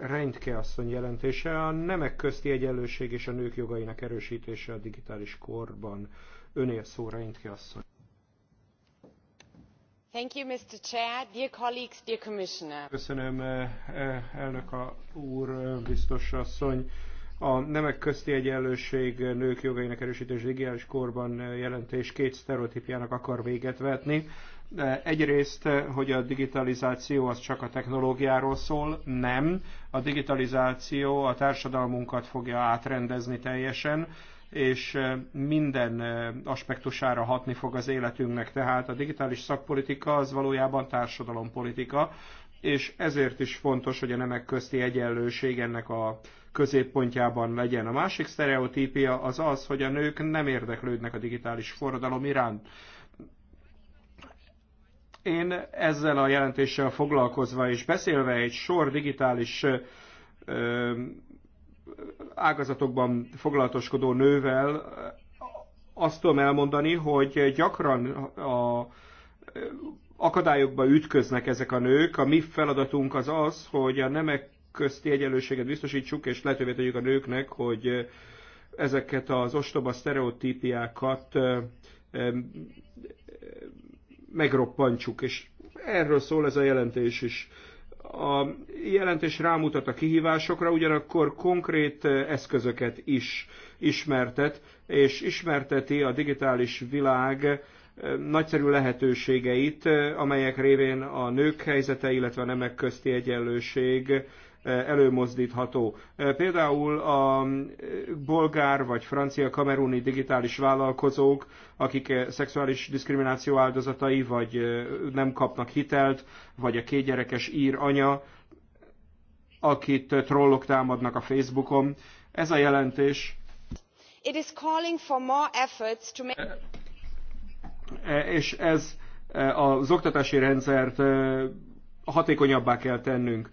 Reintke asszony jelentése a nemek közti egyenlőség és a nők jogainak erősítése a digitális korban. Önél szó, Reintke asszony. Thank you, Mr. Chair, dear colleagues, dear Commissioner. Köszönöm, eh, eh, elnök a úr, eh, biztos asszony. A nemek közti egyenlőség nők jogainak erősítés digitális korban jelentés két sztereotípjának akar véget vetni. Egyrészt, eh, hogy a digitalizáció az csak a technológiáról szól, nem. A digitalizáció a társadalmunkat fogja átrendezni teljesen, és eh, minden eh, aspektusára hatni fog az életünknek. Tehát a digitális szakpolitika az valójában társadalompolitika, és ezért is fontos, hogy a nemek közti egyenlőség ennek a középpontjában legyen. A másik sztereotípia az az, hogy a nők nem érdeklődnek a digitális forradalom iránt. Én ezzel a jelentéssel foglalkozva és beszélve egy sor digitális ágazatokban foglalatoskodó nővel azt tudom elmondani, hogy gyakran a akadályokba ütköznek ezek a nők. A mi feladatunk az az, hogy a nemek közti egyenlőséget biztosítsuk, és lehetővé tegyük a nőknek, hogy ezeket az ostoba sztereotípiákat megroppantsuk, és erről szól ez a jelentés is. A jelentés rámutat a kihívásokra, ugyanakkor konkrét eh, eszközöket is ismertet, és ismerteti a digitális világ eh, nagyszerű lehetőségeit, eh, amelyek révén a nők helyzete, illetve a nemek közti egyenlőség előmozdítható. Például a bolgár vagy francia kameruni digitális vállalkozók, akik szexuális diszkrimináció áldozatai, vagy nem kapnak hitelt, vagy a kétgyerekes ír anya, akit trollok támadnak a Facebookon. Ez a jelentés It is calling for more efforts to make... és ez az oktatási rendszert hatékonyabbá kell tennünk.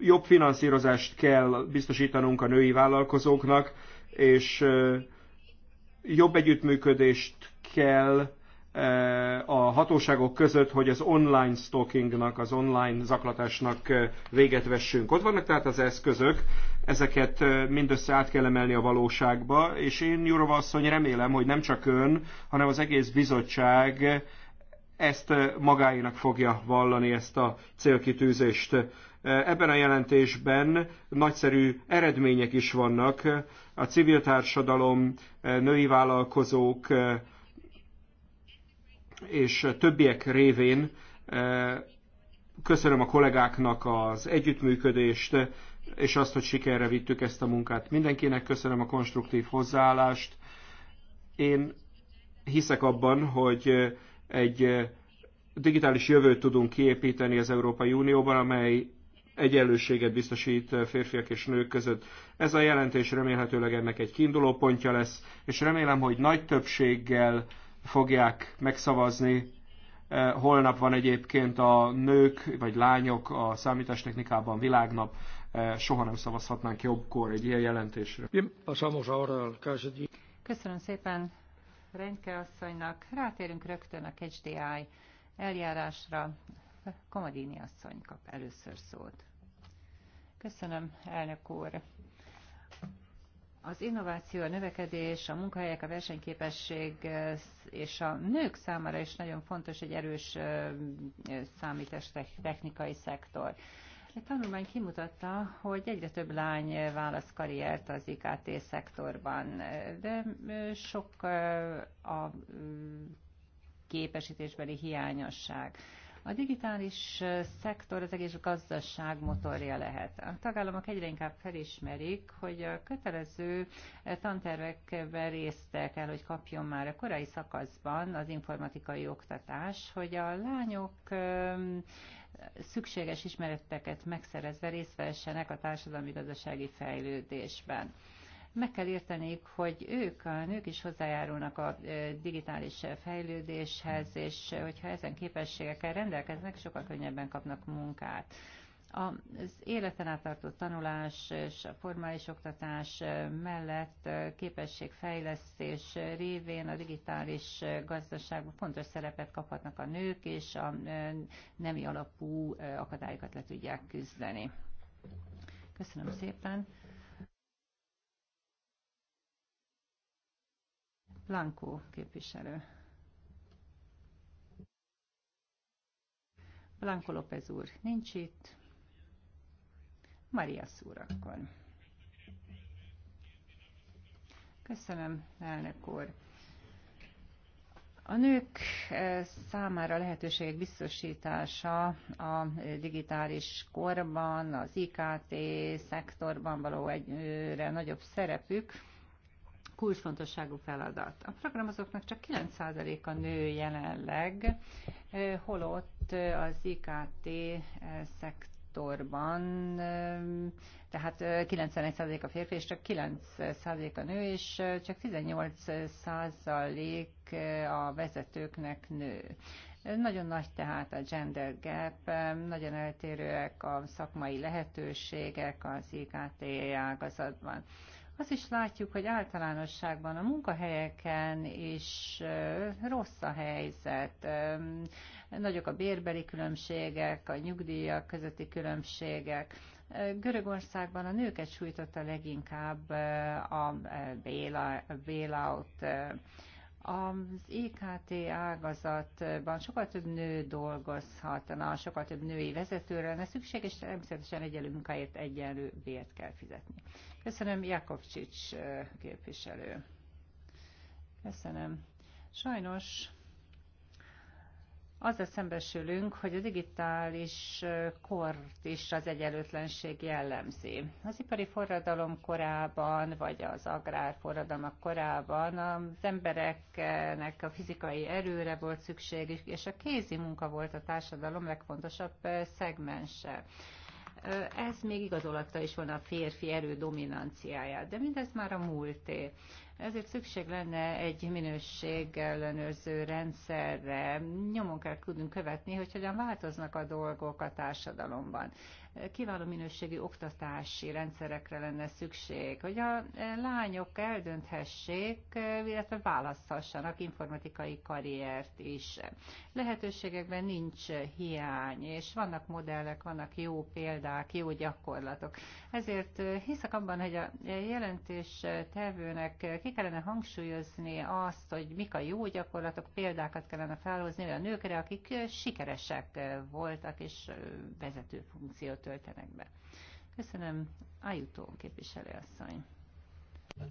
Jobb finanszírozást kell biztosítanunk a női vállalkozóknak, és jobb együttműködést kell a hatóságok között, hogy az online stalkingnak, az online zaklatásnak véget vessünk. Ott vannak tehát az eszközök, ezeket mindössze át kell emelni a valóságba, és én, Jurova asszony, remélem, hogy nem csak ön, hanem az egész bizottság ezt magáinak fogja vallani ezt a célkitűzést. Ebben a jelentésben nagyszerű eredmények is vannak. A civil társadalom, női vállalkozók és többiek révén köszönöm a kollégáknak az együttműködést, és azt, hogy sikerre vittük ezt a munkát. Mindenkinek köszönöm a konstruktív hozzáállást. Én hiszek abban, hogy egy digitális jövőt tudunk kiépíteni az Európai Unióban, amely egyenlőséget biztosít férfiak és nők között. Ez a jelentés remélhetőleg ennek egy kiinduló pontja lesz, és remélem, hogy nagy többséggel fogják megszavazni. Holnap van egyébként a nők vagy lányok a számítástechnikában világnap. Soha nem szavazhatnánk jobbkor egy ilyen jelentésre. Köszönöm szépen. Renke asszonynak. Rátérünk rögtön a KDI eljárásra. Komodini asszony kap először szót. Köszönöm, elnök úr. Az innováció, a növekedés, a munkahelyek, a versenyképesség és a nők számára is nagyon fontos egy erős számítástechnikai szektor. Egy tanulmány kimutatta, hogy egyre több lány válasz karriert az IKT szektorban, de sok a képesítésbeli hiányosság. A digitális szektor az egész gazdaság motorja lehet. A tagállamok egyre inkább felismerik, hogy a kötelező tantervekben részt kell, hogy kapjon már a korai szakaszban az informatikai oktatás, hogy a lányok szükséges ismereteket megszerezve részt vehessenek a társadalmi gazdasági fejlődésben. Meg kell érteniük, hogy ők, a nők is hozzájárulnak a digitális fejlődéshez, és hogyha ezen képességekkel rendelkeznek, sokkal könnyebben kapnak munkát. Az életen átartó tanulás és a formális oktatás mellett képességfejlesztés révén a digitális gazdaságban fontos szerepet kaphatnak a nők, és a e, nemi alapú e, akadályokat le tudják küzdeni. Köszönöm szépen! Blanco képviselő. Blanco López úr nincs itt. Maria szúr Köszönöm, elnök úr. A nők eh, számára lehetőségek biztosítása a digitális korban, az IKT szektorban való egyre nagyobb szerepük, kulcsfontosságú feladat. A programozóknak csak 9% a nő jelenleg, eh, holott az IKT szektor szektorban, tehát 91% a férfi, és csak 9% a nő, és csak 18% a vezetőknek nő. Nagyon nagy tehát a gender gap, nagyon eltérőek a szakmai lehetőségek az IKT ágazatban. Azt is látjuk, hogy általánosságban a munkahelyeken is rossz a helyzet. Nagyok a bérbeli különbségek, a nyugdíjak közötti különbségek. Görögországban a nőket sújtotta leginkább a bailout. Az IKT ágazatban sokkal több nő dolgozhatna, sokkal több női vezetőre lenne szükség, és természetesen egyenlő munkáért egyenlő bért kell fizetni. Köszönöm, Jakovcsics képviselő. Köszönöm. Sajnos azzal szembesülünk, hogy a digitális kort is az egyenlőtlenség jellemzi. Az ipari forradalom korában, vagy az agrár forradalmak korában az embereknek a fizikai erőre volt szükségük, és a kézi munka volt a társadalom legfontosabb szegmense ez még igazolatta is volna a férfi erő dominanciáját, de mindez már a múlté. Ezért szükség lenne egy minőség ellenőrző rendszerre. Nyomon kell tudnunk követni, hogy hogyan változnak a dolgok a társadalomban. Kiváló minőségi oktatási rendszerekre lenne szükség, hogy a lányok eldönthessék, illetve választhassanak informatikai karriert is. Lehetőségekben nincs hiány, és vannak modellek, vannak jó példák, jó gyakorlatok. Ezért hiszek abban, hogy a jelentés tevőnek ki kellene hangsúlyozni azt, hogy mik a jó gyakorlatok, példákat kellene felhozni olyan nőkre, akik sikeresek voltak és vezető funkciót töltenek be. Köszönöm, Ajutó asszony.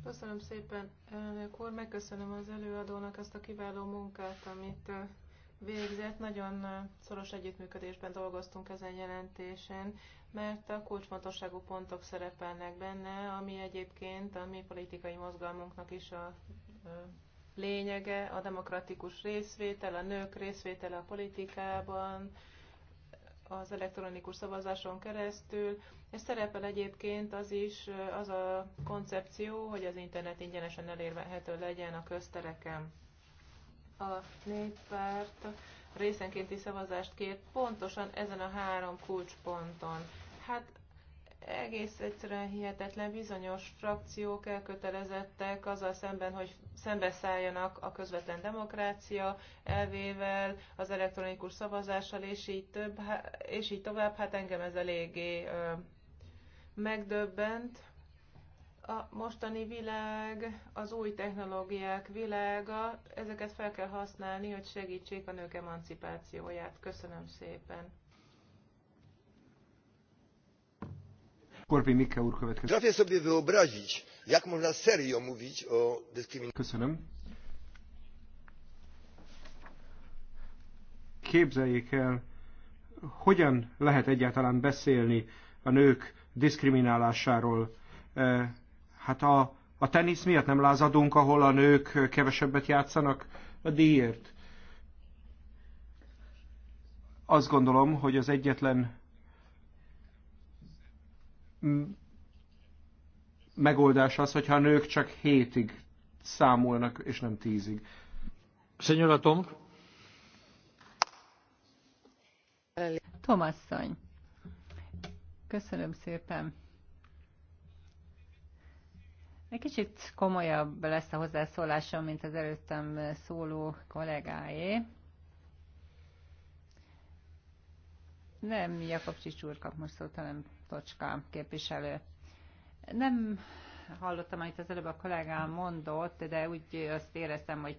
Köszönöm szépen, elnök úr, megköszönöm az előadónak ezt a kiváló munkát, amit végzett. Nagyon szoros együttműködésben dolgoztunk ezen jelentésen, mert a kulcsfontosságú pontok szerepelnek benne, ami egyébként a mi politikai mozgalmunknak is a lényege, a demokratikus részvétel, a nők részvétele a politikában, az elektronikus szavazáson keresztül. Ez szerepel egyébként az is, az a koncepció, hogy az internet ingyenesen elérhető legyen a köztereken a néppárt részenkénti szavazást kért pontosan ezen a három kulcsponton. Hát egész egyszerűen hihetetlen bizonyos frakciók elkötelezettek azzal szemben, hogy szembeszálljanak a közvetlen demokrácia elvével, az elektronikus szavazással, és így, több, és így tovább. Hát engem ez eléggé megdöbbent a mostani világ, az új technológiák világa, ezeket fel kell használni, hogy segítsék a nők emancipációját. Köszönöm szépen. Korbi Mikke úr következik. Trafię sobie wyobrazić, jak można serio mówić o dyskryminacji. Köszönöm. Képzeljék el, hogyan lehet egyáltalán beszélni a nők diszkriminálásáról eh, Hát a, a tenisz miatt nem lázadunk, ahol a nők kevesebbet játszanak a díjért. Azt gondolom, hogy az egyetlen megoldás az, hogyha a nők csak hétig számolnak, és nem tízig. Szenyora Tom. Tomasszony. Köszönöm szépen. Egy kicsit komolyabb lesz a hozzászólásom, mint az előttem szóló kollégáé. Nem Jakobcsics úr kap most szót, hanem Tocska képviselő. Nem hallottam, amit az előbb a kollégám mondott, de úgy azt éreztem, hogy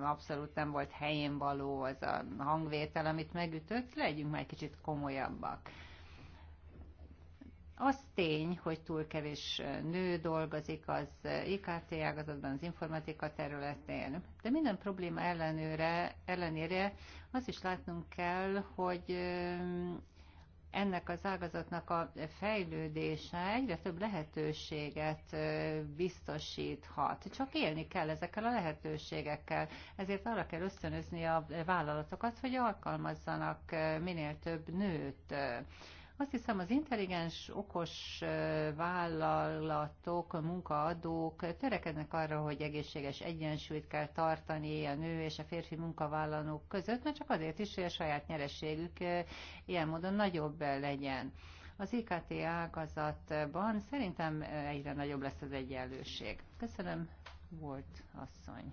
abszolút nem volt helyén való az a hangvétel, amit megütött. Legyünk már egy kicsit komolyabbak. Az tény, hogy túl kevés nő dolgozik az IKT ágazatban, az informatika területén, de minden probléma ellenőre, ellenére az is látnunk kell, hogy ennek az ágazatnak a fejlődése egyre több lehetőséget biztosíthat. Csak élni kell ezekkel a lehetőségekkel. Ezért arra kell ösztönözni a vállalatokat, hogy alkalmazzanak minél több nőt azt hiszem az intelligens, okos vállalatok, munkaadók törekednek arra, hogy egészséges egyensúlyt kell tartani a nő és a férfi munkavállalók között, mert csak azért is, hogy a saját nyerességük ilyen módon nagyobb legyen. Az IKT ágazatban szerintem egyre nagyobb lesz az egyenlőség. Köszönöm, volt asszony.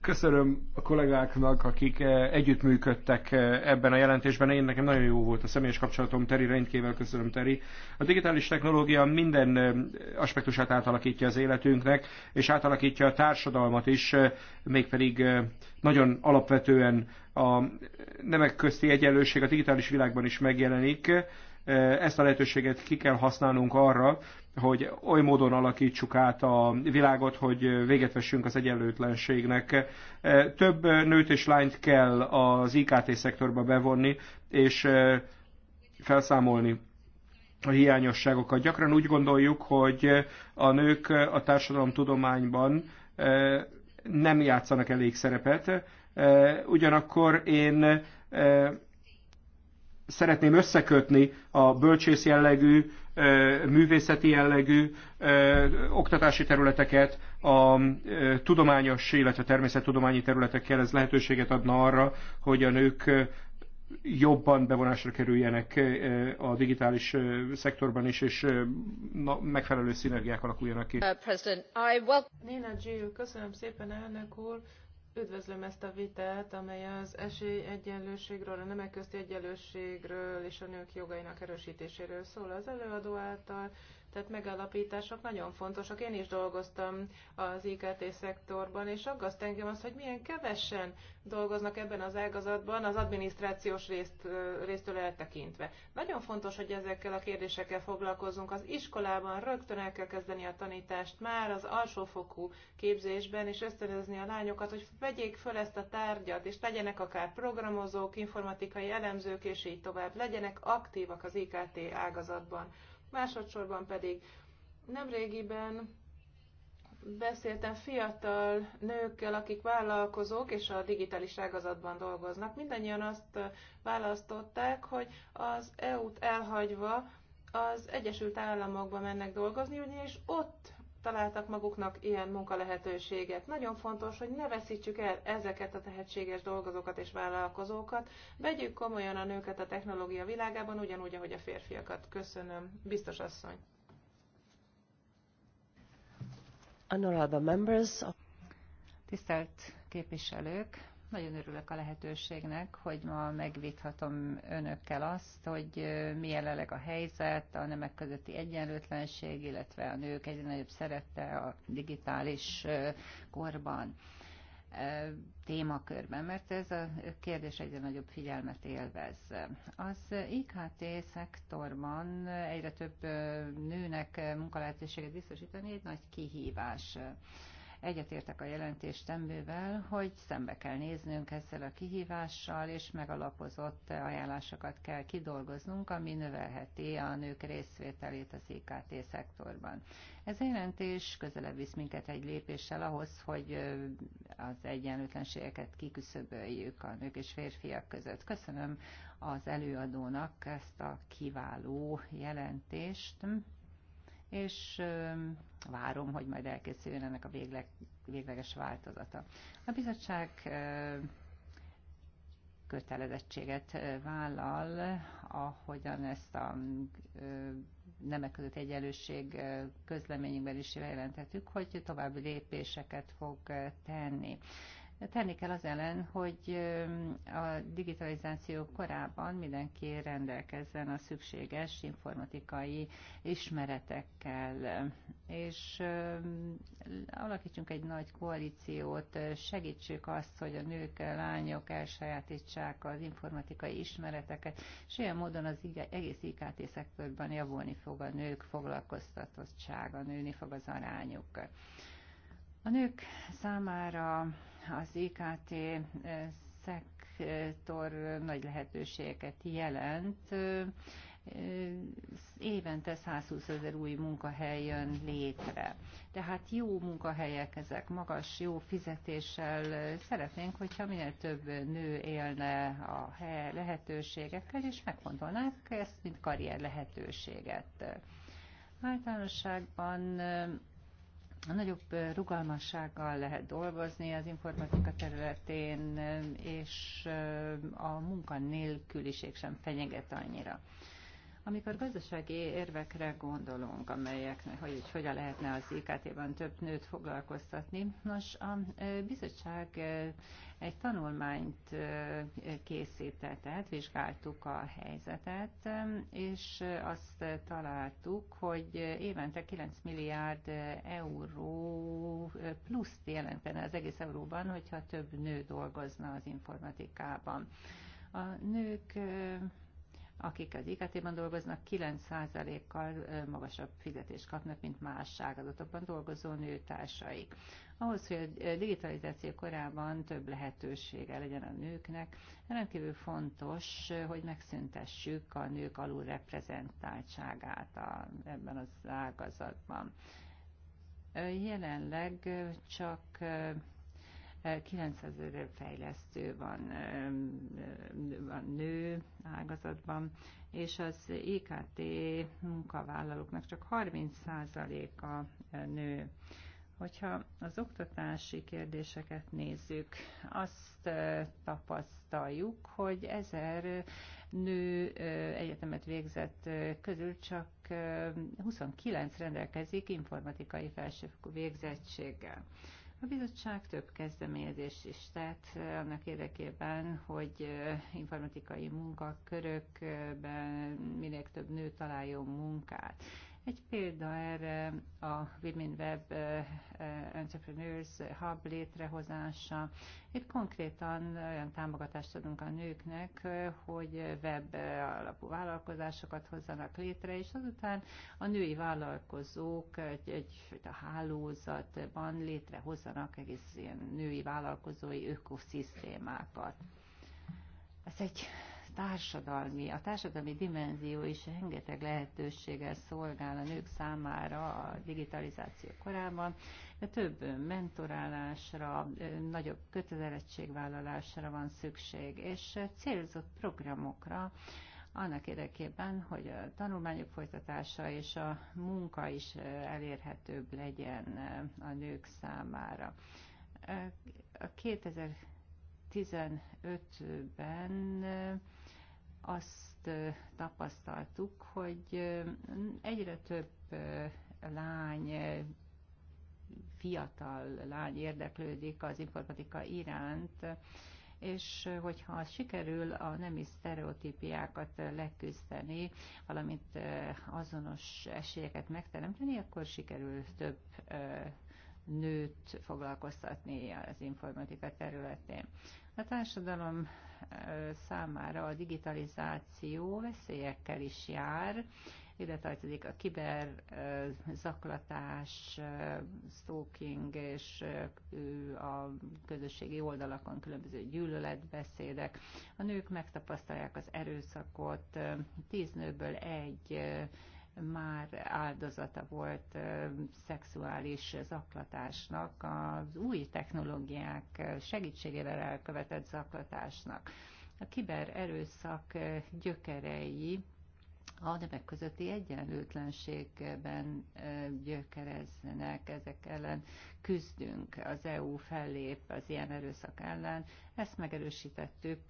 Köszönöm a kollégáknak, akik eh, együttműködtek eh, ebben a jelentésben. Én nekem nagyon jó volt a személyes kapcsolatom Teri, rendkívül köszönöm Teri. A digitális technológia minden eh, aspektusát átalakítja az életünknek, és átalakítja a társadalmat is, mégpedig nagyon alapvetően a nemek közti egyenlőség a digitális világban is megjelenik ezt a lehetőséget ki kell használnunk arra, hogy oly módon alakítsuk át a világot, hogy véget vessünk az egyenlőtlenségnek. Több nőt és lányt kell az IKT-szektorba bevonni, és felszámolni a hiányosságokat. Gyakran úgy gondoljuk, hogy a nők a társadalomtudományban nem játszanak elég szerepet, ugyanakkor én szeretném összekötni a bölcsész jellegű, művészeti jellegű oktatási területeket a tudományos, illetve természettudományi területekkel. Ez lehetőséget adna arra, hogy a nők jobban bevonásra kerüljenek a digitális szektorban is, és megfelelő szinergiák alakuljanak ki. Uh, President, I Nina Gyu. köszönöm szépen elnök úr. Üdvözlöm ezt a vitát, amely az esélyegyenlőségről, a nemek közti egyenlőségről és a nők jogainak erősítéséről szól. Az előadó által tett megalapítások nagyon fontosak. Én is dolgoztam az IKT szektorban, és aggaszt engem az, hogy milyen kevesen dolgoznak ebben az ágazatban az adminisztrációs részt, résztől eltekintve. Nagyon fontos, hogy ezekkel a kérdésekkel foglalkozunk. Az iskolában rögtön el kell kezdeni a tanítást, már az alsófokú képzésben, és ösztönözni a lányokat, hogy vegyék föl ezt a tárgyat, és legyenek akár programozók, informatikai elemzők, és így tovább. Legyenek aktívak az IKT ágazatban. Másodszorban pedig nemrégiben beszéltem fiatal nőkkel, akik vállalkozók és a digitális ágazatban dolgoznak. Mindannyian azt választották, hogy az EU-t elhagyva az Egyesült Államokba mennek dolgozni, ugyanis ott találtak maguknak ilyen munkalehetőséget. Nagyon fontos, hogy ne veszítsük el ezeket a tehetséges dolgozókat és vállalkozókat, vegyük komolyan a nőket a technológia világában, ugyanúgy, ahogy a férfiakat. Köszönöm, biztos asszony. Honorable members Tisztelt képviselők, nagyon örülök a lehetőségnek, hogy ma megvithatom önökkel azt, hogy mi jelenleg a helyzet, a nemek közötti egyenlőtlenség, illetve a nők egyre nagyobb szerepe a digitális korban témakörben, mert ez a kérdés egyre nagyobb figyelmet élvez. Az IKT szektorban egyre több nőnek munkalehetőséget biztosítani egy nagy kihívás. Egyetértek a jelentéstembővel, hogy szembe kell néznünk ezzel a kihívással, és megalapozott ajánlásokat kell kidolgoznunk, ami növelheti a nők részvételét az IKT szektorban. Ez a jelentés közelebb visz minket egy lépéssel ahhoz, hogy az egyenlőtlenségeket kiküszöböljük a nők és férfiak között. Köszönöm az előadónak ezt a kiváló jelentést és várom, hogy majd elkészüljön ennek a végleg, végleges változata. A bizottság kötelezettséget vállal, ahogyan ezt a nemek között egyenlőség közleményünkben is jelentettük, hogy további lépéseket fog tenni. Tenni kell az ellen, hogy a digitalizáció korában mindenki rendelkezzen a szükséges informatikai ismeretekkel, és alakítsunk egy nagy koalíciót, segítsük azt, hogy a nők, a lányok elsajátítsák az informatikai ismereteket, és ilyen módon az egész IKT szektorban javulni fog a nők foglalkoztatottsága, nőni fog az arányuk. A nők számára az IKT eh, szektor nagy lehetőségeket jelent. Eh, évente 120 ezer új munkahely jön létre. Tehát jó munkahelyek ezek, magas, jó fizetéssel szeretnénk, hogyha minél több nő élne a lehetőségekkel, és megfontolnák ezt, mint karrier lehetőséget. Általánosságban a nagyobb rugalmassággal lehet dolgozni az informatika területén, és a munkanélküliség sem fenyeget annyira. Amikor gazdasági érvekre gondolunk, amelyek, hogy hogyan lehetne az IKT-ban több nőt foglalkoztatni, nos, a bizottság egy tanulmányt készített, tehát vizsgáltuk a helyzetet, és azt találtuk, hogy évente 9 milliárd euró pluszt jelentene az egész euróban, hogyha több nő dolgozna az informatikában. A nők akik az IKT-ban dolgoznak, 9%-kal magasabb fizetést kapnak, mint más ágazatokban dolgozó nőtársaik. Ahhoz, hogy a digitalizáció korában több lehetősége legyen a nőknek, rendkívül fontos, hogy megszüntessük a nők alulreprezentáltságát a, ebben az ágazatban. Jelenleg csak 900 ezer fejlesztő van, van nő ágazatban, és az IKT e munkavállalóknak csak 30%-a nő. Hogyha az oktatási kérdéseket nézzük, azt tapasztaljuk, hogy ezer nő egyetemet végzett közül csak 29 rendelkezik informatikai felsőfokú végzettséggel. A bizottság több kezdeményezést is tett eh, annak érdekében, hogy eh, informatikai munkakörökben minél több nő találjon munkát. Egy példa erre a Women Web eh, eh, Entrepreneurs Hub létrehozása. Itt konkrétan olyan támogatást adunk a nőknek, eh, hogy web alapú vállalkozásokat hozzanak létre, és azután a női vállalkozók egy, egy a hálózatban létrehozzanak egész ilyen női vállalkozói ökoszisztémákat. Ez egy társadalmi, a társadalmi dimenzió is rengeteg lehetőséggel szolgál a nők számára a digitalizáció korában, de több mentorálásra, nagyobb kötelezettségvállalásra van szükség, és célzott programokra, annak érdekében, hogy a tanulmányok folytatása és a munka is elérhetőbb legyen a nők számára. A 2015-ben azt tapasztaltuk, hogy egyre több lány, fiatal lány érdeklődik az informatika iránt, és hogyha sikerül a nemi sztereotípiákat leküzdeni, valamint azonos esélyeket megteremteni, akkor sikerül több nőt foglalkoztatni az informatika területén. A társadalom számára a digitalizáció veszélyekkel is jár, ide tartozik a zaklatás, stalking és a közösségi oldalakon különböző gyűlöletbeszédek. A nők megtapasztalják az erőszakot, tíz nőből egy már áldozata volt szexuális zaklatásnak, az új technológiák segítségével elkövetett zaklatásnak. A kiber erőszak gyökerei a nemek közötti egyenlőtlenségben gyökereznek, ezek ellen küzdünk. Az EU fellép az ilyen erőszak ellen. Ezt megerősítettük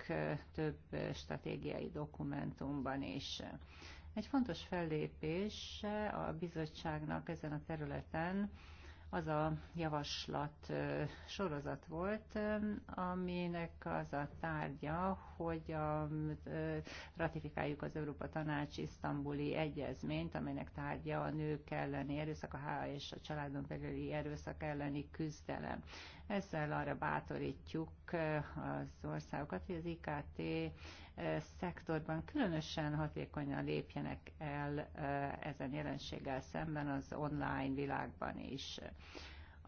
több stratégiai dokumentumban is. Egy fontos fellépés a bizottságnak ezen a területen az a javaslat sorozat volt, aminek az a tárgya, hogy a, ratifikáljuk az Európa Tanács isztambuli egyezményt, amelynek tárgya a nők elleni erőszak, a H és a családon belüli erőszak elleni küzdelem. Ezzel arra bátorítjuk az országokat, hogy az IKT szektorban különösen hatékonyan lépjenek el ezen jelenséggel szemben az online világban is.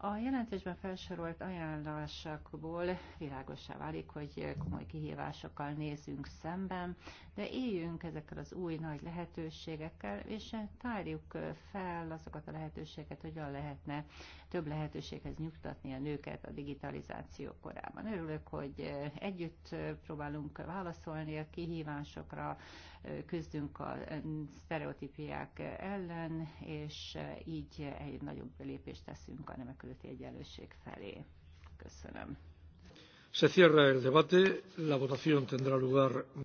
A jelentésben felsorolt ajánlásokból világosá válik, hogy komoly kihívásokkal nézünk szemben, de éljünk ezekkel az új nagy lehetőségekkel, és tárjuk fel azokat a lehetőségeket, hogyan lehetne több lehetőséghez nyugtatni a nőket a digitalizáció korában. Örülök, hogy együtt próbálunk válaszolni a kihívásokra, küzdünk a sztereotípiák ellen, és így egy nagyobb lépést teszünk a nemek nemzeti egyenlőség felé. Köszönöm. Se cierra el debate. La votación tendrá lugar.